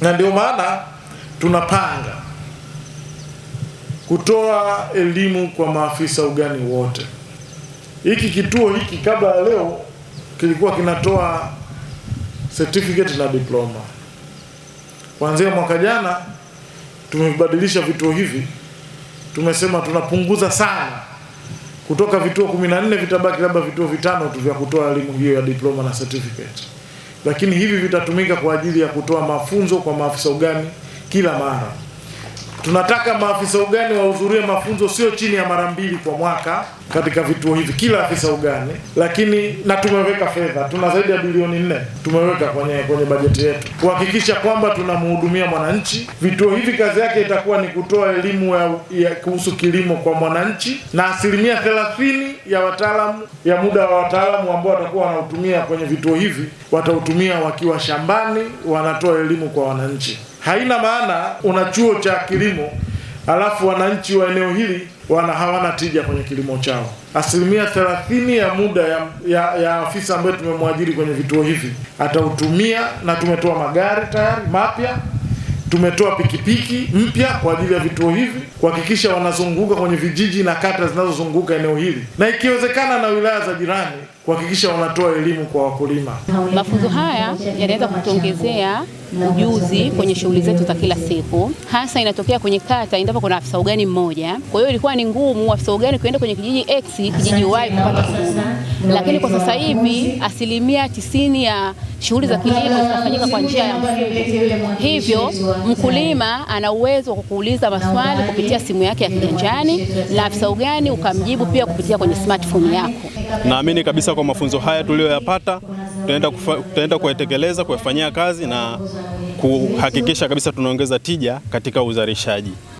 na ndio maana tunapanga kutoa elimu kwa maafisa ugani wote. Hiki kituo hiki kabla ya leo kilikuwa kinatoa certificate na diploma. Kuanzia mwaka jana tumebadilisha vituo hivi, tumesema tunapunguza sana kutoka vituo 14 vitabaki labda vituo vitano tu vya kutoa elimu hiyo ya diploma na certificate lakini hivi vitatumika kwa ajili ya kutoa mafunzo kwa maafisa ugani kila mara. Tunataka maafisa ugani wahudhurie mafunzo sio chini ya mara mbili kwa mwaka katika vituo hivi, kila afisa ugani. Lakini na tumeweka fedha, tuna zaidi ya bilioni nne tumeweka kwenye kwenye bajeti yetu kuhakikisha kwamba tunamhudumia mwananchi. Vituo hivi kazi yake itakuwa ni kutoa elimu ya, ya kuhusu kilimo kwa mwananchi, na asilimia thelathini ya wataalamu ya muda wa wataalamu ambao watakuwa wanautumia kwenye vituo hivi watautumia wakiwa shambani, wanatoa elimu kwa wananchi. Haina maana una chuo cha kilimo alafu wananchi wa eneo hili wana hawana tija kwenye kilimo chao. Asilimia thelathini ya muda ya, ya, ya afisa ambaye tumemwajiri kwenye vituo hivi atautumia, na tumetoa magari tayari mapya, tumetoa pikipiki mpya kwa ajili ya vituo hivi kuhakikisha wanazunguka kwenye vijiji na kata zinazozunguka eneo hili na ikiwezekana na wilaya za jirani kuhakikisha wanatoa elimu kwa wakulima. Mafunzo haya yanaweza kutuongezea ujuzi kwenye shughuli zetu za kila siku, hasa inatokea kwenye kata endapo kuna afisa ugani mmoja. Kwa hiyo ilikuwa ni ngumu afisa ugani kuenda kwenye kijiji X, kijiji Y kupata huduma, lakini kwa sasa hivi asilimia tisini ya shughuli za kilimo zinafanyika kwa njia ya hivyo mkulima ana uwezo wa kuuliza maswali kupitia simu yake ya kiganjani na afisa ugani ukamjibu pia kupitia kwenye smartphone yako. Naamini kabisa kwa mafunzo haya tuliyoyapata tutaenda tutaenda kuyatekeleza kuyafanyia kazi na kuhakikisha kabisa tunaongeza tija katika uzalishaji.